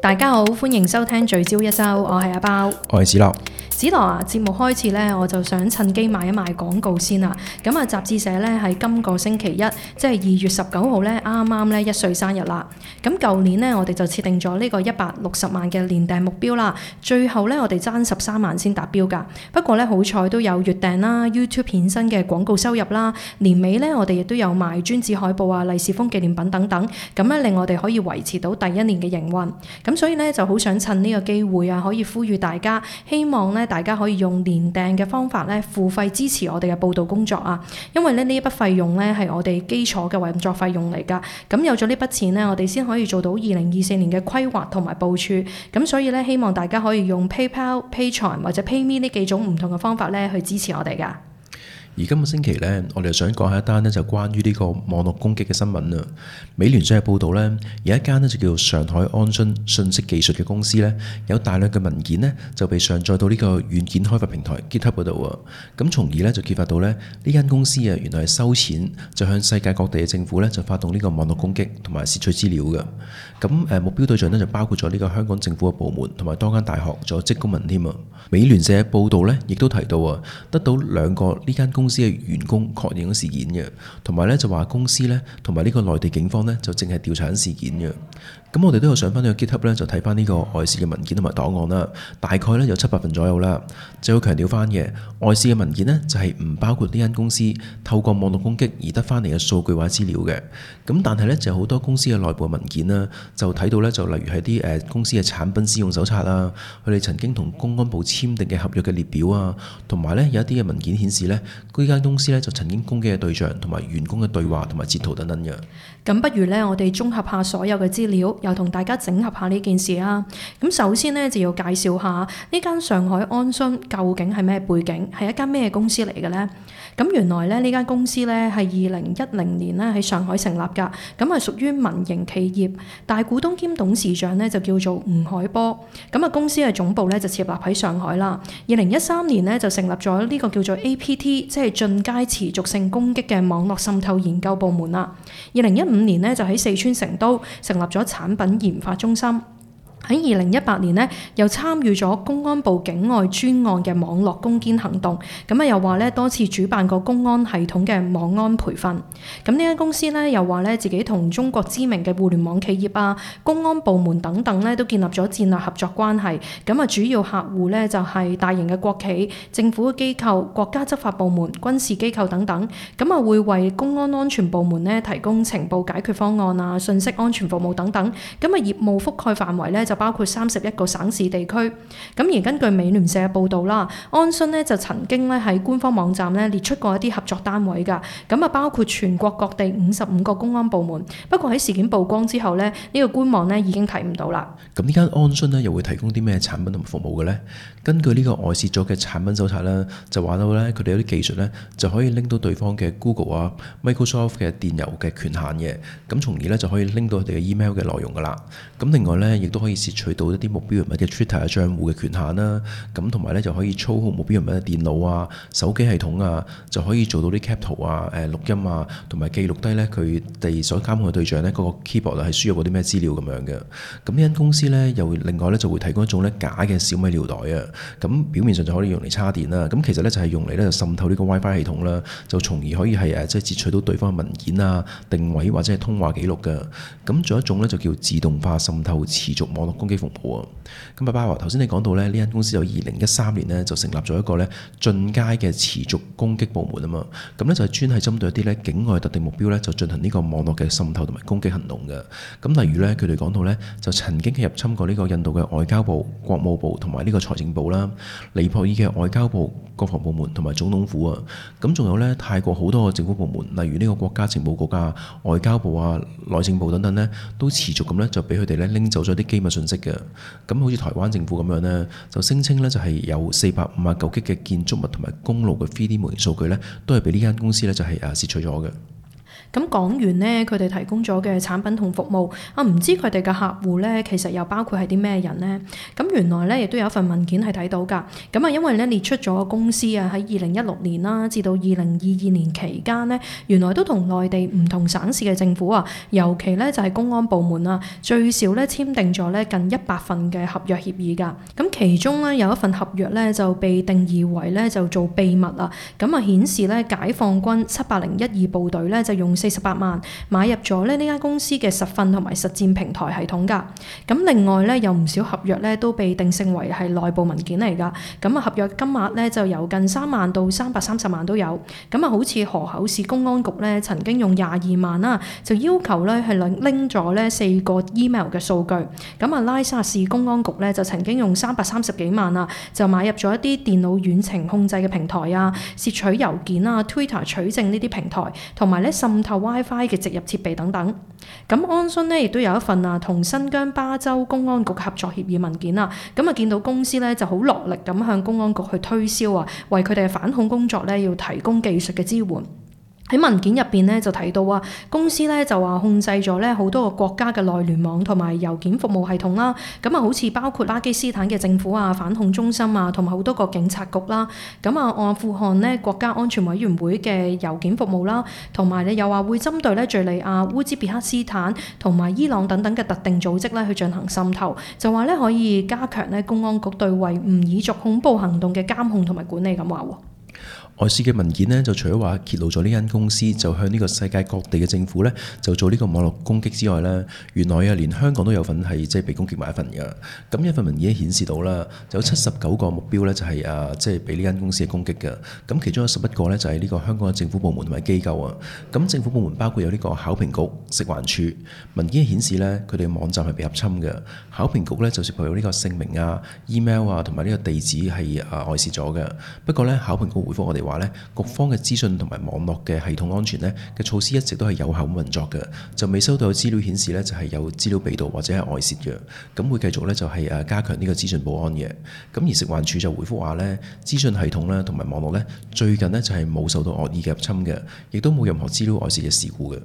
大家好，歡迎收聽聚焦一周，我係阿包，我係子立。子羅啊！節目開始咧，我就想趁機賣一賣廣告先啦。咁啊，雜誌社咧喺今個星期一，即係二月十九號咧，啱啱咧一歲生日啦。咁舊年咧，我哋就設定咗呢個一百六十萬嘅年訂目標啦。最後咧，我哋爭十三萬先達標㗎。不過咧，好彩都有月訂啦、YouTube 顯身嘅廣告收入啦。年尾咧，我哋亦都有賣專誌海報啊、利是封紀念品等等。咁咧令我哋可以維持到第一年嘅營運。咁所以咧就好想趁呢個機會啊，可以呼籲大家，希望咧～大家可以用年訂嘅方法咧，付費支持我哋嘅報道工作啊！因為咧，呢一筆費用咧係我哋基礎嘅運作費用嚟噶，咁有咗呢筆錢咧，我哋先可以做到二零二四年嘅規劃同埋部署。咁所以咧，希望大家可以用 PayPal、Patreon 或者 PayMe 呢幾種唔同嘅方法咧，去支持我哋噶。而今個星期呢，我哋想講下一單呢，就關於呢個網絡攻擊嘅新聞啊。美聯社嘅報道呢，有一間呢，就叫上海安信信息技術嘅公司呢，有大量嘅文件呢，就被上載到呢個軟件開發平台 GitHub 嗰度啊，咁從而呢，就揭發到呢，呢間公司啊原來係收錢就向世界各地嘅政府呢，就發動呢個網絡攻擊同埋竊取資料嘅。咁誒目標對象呢，就包括咗呢個香港政府嘅部門同埋多間大學，仲有職公民添啊。美聯社嘅報道呢，亦都提到啊，得到兩個呢間公司，公司嘅員工確認咗事件嘅，同埋咧就話公司咧同埋呢個內地警方咧就淨係調查緊事件嘅。咁我哋都有上翻去 GitHub 咧，就睇翻呢個外洩嘅文件同埋檔案啦。大概咧有七百份左右啦。就要強調翻嘅，外洩嘅文件呢，就係唔包括呢間公司透過網絡攻擊而得翻嚟嘅數據或資料嘅。咁但係咧就有好多公司嘅內部文件啦，就睇到咧就例如係啲誒公司嘅產品使用手冊啊，佢哋曾經同公安部簽訂嘅合約嘅列表啊，同埋咧有一啲嘅文件顯示咧。呢間公司咧就曾經攻擊嘅對象同埋員工嘅對話同埋截圖等等嘅。咁不如呢，我哋綜合下所有嘅資料，又同大家整合下呢件事啊。咁首先呢，就要介紹下呢間上海安洵究竟係咩背景，係一間咩公司嚟嘅呢？咁原來呢，呢間公司呢係二零一零年咧喺上海成立㗎，咁係屬於民營企業，大股東兼董事長呢就叫做吳海波。咁啊，公司嘅總部呢就設立喺上海啦。二零一三年呢，就成立咗呢個叫做 APT，即係進階持續性攻擊嘅網絡滲透研究部門啦。二零一五年呢，就喺四川成都成立咗產品研發中心。喺二零一八年呢，又參與咗公安部境外專案嘅網絡攻堅行動。咁啊，又話呢，多次主辦過公安系統嘅網安培訓。咁呢間公司呢，又話呢，自己同中國知名嘅互聯網企業啊、公安部門等等呢，都建立咗戰略合作關係。咁啊，主要客戶呢，就係大型嘅國企、政府嘅機構、國家執法部門、軍事機構等等。咁啊，會為公安安全部門呢，提供情報解決方案啊、信息安全服務等等。咁啊，業務覆蓋範圍呢，就包括三十一個省市地區，咁而根據美聯社嘅報道啦，安洵呢就曾經咧喺官方網站咧列出過一啲合作單位噶，咁啊包括全國各地五十五個公安部門。不過喺事件曝光之後呢，呢個官網咧已經睇唔到啦。咁呢間安洵呢又會提供啲咩產品同服務嘅呢？根據呢個外泄咗嘅產品手冊呢，就話到咧佢哋有啲技術呢就可以拎到對方嘅 Google 啊、Microsoft 嘅電郵嘅權限嘅，咁從而呢就可以拎到佢哋嘅 email 嘅內容噶啦。咁另外呢，亦都可以。取到一啲目標人物嘅 Twitter 嘅賬戶嘅權限啦，咁同埋咧就可以操控目標人物嘅電腦啊、手機系統啊，就可以做到啲 Cap 圖啊、誒錄音啊，同埋記錄低呢，佢哋所監控嘅對象呢嗰個 keyboard 係輸入嗰啲咩資料咁樣嘅。咁呢間公司呢，又另外呢就會提供一種咧假嘅小米尿袋啊，咁表面上就可以用嚟插電啦，咁其實呢，就係用嚟呢就滲透呢個 WiFi 系統啦，就從而可以係即係截取到對方嘅文件啊、定位或者係通話記錄㗎。咁仲有一種呢，就叫自動化滲透持續網攻擊風暴啊！咁啊，巴華頭先你講到呢，呢間公司有二零一三年呢就成立咗一個呢進階嘅持續攻擊部門啊嘛。咁呢就係、是、專係針對一啲呢境外特定目標呢就進行呢個網絡嘅滲透同埋攻擊行動嘅。咁例如呢，佢哋講到呢就曾經係入侵過呢個印度嘅外交部、國務部同埋呢個財政部啦，尼泊爾嘅外交部、國防部門同埋總統府啊。咁仲有呢泰國好多嘅政府部門，例如呢個國家情報局啊、外交部啊、內政部等等呢，都持續咁呢就俾佢哋呢拎走咗啲機密信息嘅，咁好似台灣政府咁樣呢，就聲稱呢就係有四百五十九億嘅建築物同埋公路嘅 3D 模型數據呢，都係俾呢間公司呢，就係誒竊取咗嘅。咁講完呢，佢哋提供咗嘅產品同服務，啊唔知佢哋嘅客戶呢，其實又包括係啲咩人呢？咁原來呢，亦都有一份文件係睇到㗎。咁啊，因為呢列出咗公司啊，喺二零一六年啦，至到二零二二年期間呢，原來都同內地唔同省市嘅政府啊，尤其呢就係公安部門啊，最少呢簽訂咗呢近一百份嘅合約協議㗎。咁其中呢，有一份合約呢就被定義為呢就做秘密啊。咁啊顯示呢解放軍七百零一二部隊呢，就用，四十八萬買入咗咧呢間公司嘅實訓同埋實戰平台系統㗎，咁另外呢，有唔少合約呢都被定性為係內部文件嚟㗎，咁啊合約金額呢就由近三萬到三百三十萬都有，咁啊好似河口市公安局呢曾經用廿二萬啦，就要求呢係拎咗呢四個 email 嘅數據，咁啊拉薩市公安局呢就曾經用三百三十幾萬啊，就買入咗一啲電腦遠程控制嘅平台啊，竊取郵件啊、Twitter 取證呢啲平台，同埋呢滲。靠 WiFi 嘅植入設備等等，咁安洵呢亦都有一份啊，同新疆巴州公安局嘅合作協議文件啊。咁啊見到公司咧就好落力咁向公安局去推銷啊，為佢哋嘅反恐工作咧要提供技術嘅支援。喺文件入邊咧就提到啊，公司咧就話控制咗咧好多個國家嘅內聯網同埋郵件服務系統啦，咁啊好似包括巴基斯坦嘅政府啊、反恐中心啊，同埋好多個警察局啦，咁啊阿富汗呢國家安全委員會嘅郵件服務啦，同埋咧又話會針對咧敘利亞、烏茲別克斯坦同埋伊朗等等嘅特定組織咧去進行滲透，就話咧可以加強咧公安局對維吾爾族恐怖行動嘅監控同埋管理，咁話喎。外洩嘅文件呢，就除咗話揭露咗呢間公司就向呢個世界各地嘅政府呢，就做呢個網絡攻擊之外呢，原來啊，連香港都有份係即係被攻擊埋一份嘅。咁一份文件顯示到啦，有七十九個目標呢就係啊，即係俾呢間公司嘅攻擊嘅。咁其中有十一個呢就係呢個香港嘅政府部門同埋機構啊。咁政府部門包括有呢個考評局、食環署。文件顯示呢佢哋網站係被入侵嘅。考評局呢就涉及有呢個姓名啊、email 啊同埋呢個地址係啊外洩咗嘅。不過呢考評局回覆我哋話。話呢，局方嘅資訊同埋網絡嘅系統安全呢嘅措施一直都係有效咁運作嘅，就未收到資料顯示呢就係有資料被盜或者係外泄嘅，咁會繼續呢就係誒加強呢個資訊保安嘅。咁而食環署就回覆話呢資訊系統呢同埋網絡呢最近呢就係冇受到惡意入侵嘅，亦都冇任何資料外泄嘅事故嘅。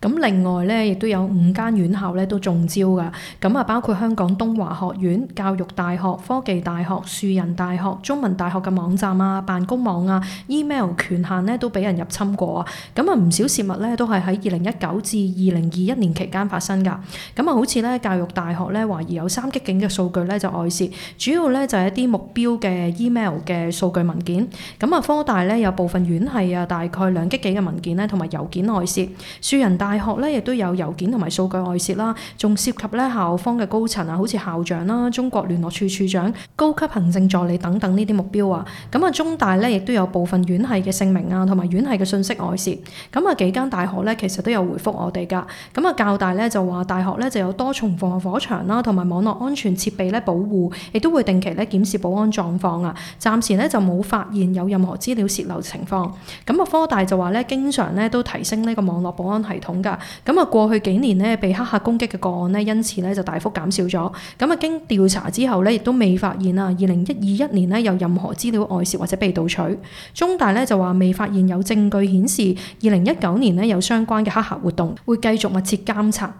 咁另外呢亦都有五間院校呢都中招噶，咁啊包括香港東華學院、教育大學、科技大學、樹仁大學、中文大學嘅網站啊、辦公網啊。email 權限咧都俾人入侵過啊！咁啊唔少事物呢都係喺二零一九至二零二一年期間發生㗎。咁啊好似呢教育大學呢懷疑有三激幾嘅數據呢就外泄，主要呢就係一啲目標嘅 email 嘅數據文件。咁啊科大呢有部分院係啊大概兩激幾嘅文件呢同埋郵件外泄。樹仁大學呢亦都有郵件同埋數據外泄啦，仲涉及呢校方嘅高層啊，好似校長啦、中國聯絡處處長、高級行政助理等等呢啲目標啊。咁啊中大呢亦都有部分。院系嘅姓名啊，同埋院系嘅信息外泄，咁啊幾間大學呢，其實都有回覆我哋噶。咁啊，教大呢，就話大學呢，就有多重防火牆啦，同埋網絡安全設備呢，保護，亦都會定期呢檢視保安狀況啊。暫時呢，就冇發現有任何資料洩漏情況。咁啊，科大就話呢，經常呢，都提升呢個網絡保安系統噶。咁啊，過去幾年呢，被黑客攻擊嘅個案呢，因此呢，就大幅減少咗。咁啊，經調查之後呢，亦都未發現啊，二零一二一年呢，有任何資料外泄或者被盜取。中大呢，就話未發現有證據顯示二零一九年呢，有相關嘅黑客活動，會繼續密切監察。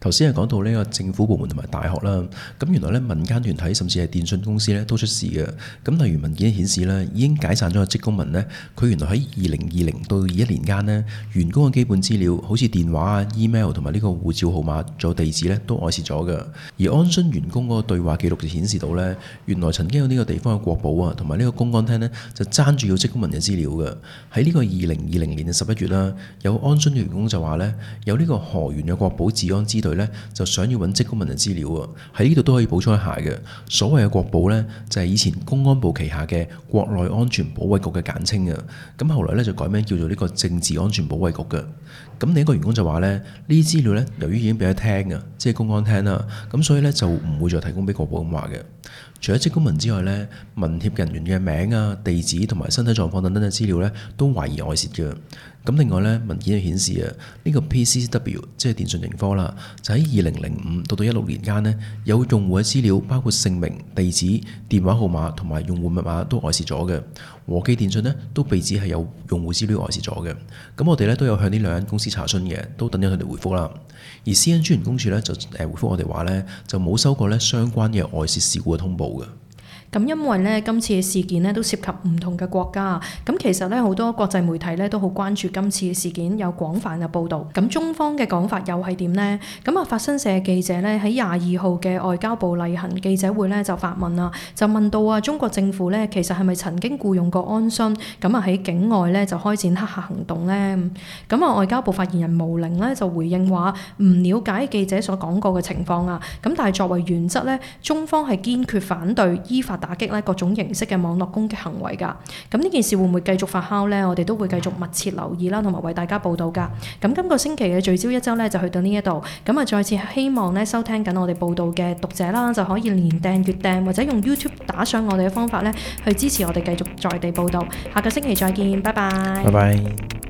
頭先係講到呢個政府部門同埋大學啦，咁原來咧民間團體甚至係電訊公司咧都出事嘅。咁例如文件顯示咧，已經解散咗個職工盟呢。佢原來喺二零二零到二一年間呢，員工嘅基本資料，好似電話啊、email 同埋呢個護照號碼，仲有地址咧，都外泄咗嘅。而安洵員工嗰個對話記錄就顯示到呢，原來曾經有呢個地方嘅國保啊，同埋呢個公安廳呢，就爭住要職工盟嘅資料嘅。喺呢個二零二零年嘅十一月啦，有安洵員工就話呢，有呢個河源嘅國保治安資。佢咧就想要揾職工盟嘅資料啊，喺呢度都可以補充一下嘅。所謂嘅國保咧，就係以前公安部旗下嘅國內安全保衛局嘅簡稱啊。咁後來咧就改名叫做呢個政治安全保衛局嘅。咁另一個員工就話咧，呢啲資料咧由於已經俾咗廳啊，即係公安廳啦，咁所以咧就唔會再提供俾國保咁話嘅。除咗職工盟之外咧，民協人員嘅名啊、地址同埋身體狀況等等嘅資料咧，都懷疑外泄嘅。咁另外咧，文件就顯示啊，呢、這個 PCW 即係電信盈科啦，就喺二零零五到到一六年間呢，有用戶資料，包括姓名、地址、電話號碼同埋用戶密碼都外泄咗嘅。和記電信呢，都被指係有用戶資料外泄咗嘅。咁我哋咧都有向呢兩間公司查詢嘅，都等緊佢哋回覆啦。而 CN 專員公署咧就誒回覆我哋話咧，就冇收過咧相關嘅外泄事故嘅通報嘅。咁因為呢，今次嘅事件呢，都涉及唔同嘅國家。咁其實呢，好多國際媒體呢，都好關注今次嘅事件，有廣泛嘅報導。咁中方嘅講法又係點呢？咁啊，法新社記者呢，喺廿二號嘅外交部例行記者會呢，就發問啦，就問到啊，中國政府呢，其實係咪曾經僱用過安洵？咁啊喺境外呢，就開展黑客行動呢。咁啊，外交部發言人毛寧呢，就回應話：唔了解記者所講過嘅情況啊。咁但係作為原則呢，中方係堅決反對依法，打擊咧各種形式嘅網絡攻擊行為噶，咁呢件事會唔會繼續發酵呢？我哋都會繼續密切留意啦，同埋為大家報道噶。咁今個星期嘅聚焦一周呢，就去到呢一度，咁啊再次希望呢收聽緊我哋報道嘅讀者啦，就可以連訂月訂或者用 YouTube 打賞我哋嘅方法呢，去支持我哋繼續在地報道。下個星期再見，拜拜。拜拜。